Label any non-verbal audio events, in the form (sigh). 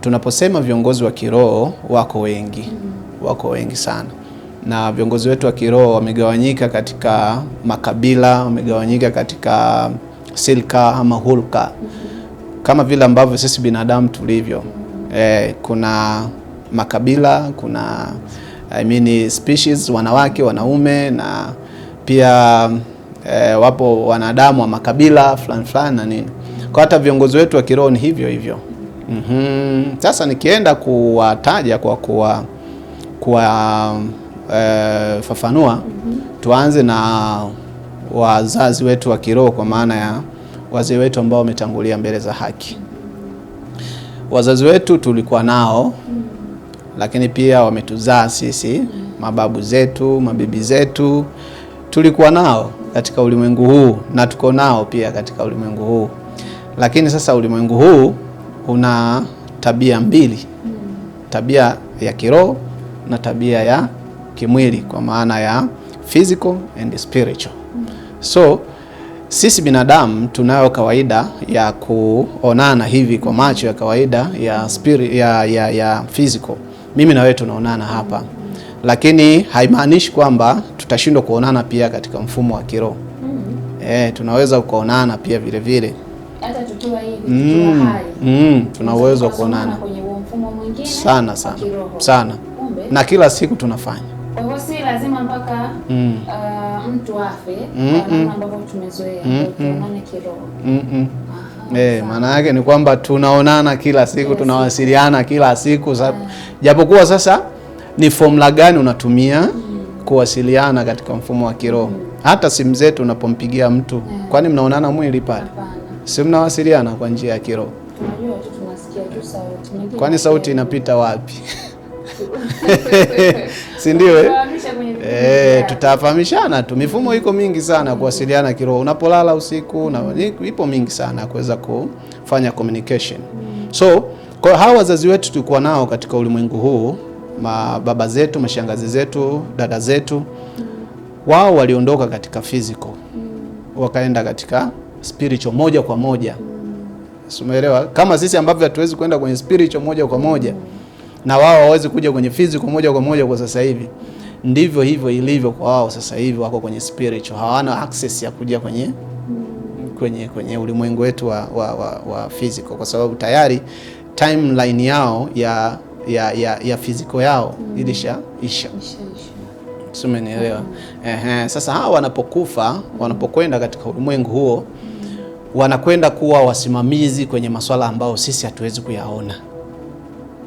tunaposema viongozi wa kiroho wako wengi, wako wengi sana, na viongozi wetu wa kiroho wamegawanyika katika makabila, wamegawanyika katika silka ama hulka, kama vile ambavyo sisi binadamu tulivyo. Eh, kuna makabila, kuna I mean species, wanawake, wanaume na pia eh, wapo wanadamu wa makabila fulani fulani na nini. Kwa hata viongozi wetu wa kiroho ni hivyo hivyo mm -hmm. Sasa nikienda kuwataja kwa kuwa kuwa e, fafanua mm -hmm. Tuanze na wazazi wetu wa kiroho kwa maana ya wazee wetu ambao wametangulia mbele za haki. Wazazi wetu tulikuwa nao mm -hmm. Lakini pia wametuzaa sisi mm -hmm. Mababu zetu, mabibi zetu tulikuwa nao katika ulimwengu huu na tuko nao pia katika ulimwengu huu, lakini sasa ulimwengu huu una tabia mbili, tabia ya kiroho na tabia ya kimwili, kwa maana ya physical and spiritual. So sisi binadamu tunayo kawaida ya kuonana hivi kwa macho ya kawaida ya, spirit, ya, ya, ya physical. Mimi na wewe tunaonana hapa, lakini haimaanishi kwamba tutashindwa kuonana pia katika mfumo wa kiroho. Mm-hmm. Eh, tunaweza kuonana pia vilevile vile hata tukiwa hivi mm, tukiwa hai mm, tuna uwezo wa kuonana kwenye mfumo mwingine sana sana sana, na kila siku tunafanya kwa hivyo si lazima mpaka mm. uh, mtu afe mm -mm. ambavyo tumezoea mm -mm. kiroho mm -mm. Eh, maana yake ni kwamba tunaonana kila siku yes. tunawasiliana kila siku yeah. Japokuwa sasa ni formula gani unatumia mm. kuwasiliana katika mfumo wa kiroho mm. hata simu zetu unapompigia mtu yeah. kwani mnaonana mwili pale? si mnawasiliana kwa njia ya kiroho? Kwani sauti inapita wapi? (laughs) si ndio eh? E, tutafahamishana eh, tu. Mifumo iko mingi sana kuwasiliana kiroho, unapolala usiku na ipo mingi sana kuweza kufanya communication. Mm. So kwa hawa wazazi wetu tulikuwa nao katika ulimwengu huu, mababa zetu, mashangazi zetu, dada zetu, mm. wao waliondoka katika physical mm. wakaenda katika spiritual moja kwa moja. Umeelewa? Kama sisi ambavyo hatuwezi kwenda kwenye spiritual moja kwa moja na wao hawawezi kuja kwenye physical moja kwa moja kwa sasa hivi, ndivyo hivyo ilivyo kwa wao sasa hivi, wako kwenye spiritual, hawana access ya kuja kwenye kwenye kwenye ulimwengu wetu wa, wa, wa, wa physical kwa sababu tayari timeline yao ya ya ya, ya physical yao ilisha isha. Sumenielewa? Ehe, sasa hawa wanapokufa wanapokwenda katika ulimwengu huo wanakwenda kuwa wasimamizi kwenye masuala ambayo sisi hatuwezi kuyaona.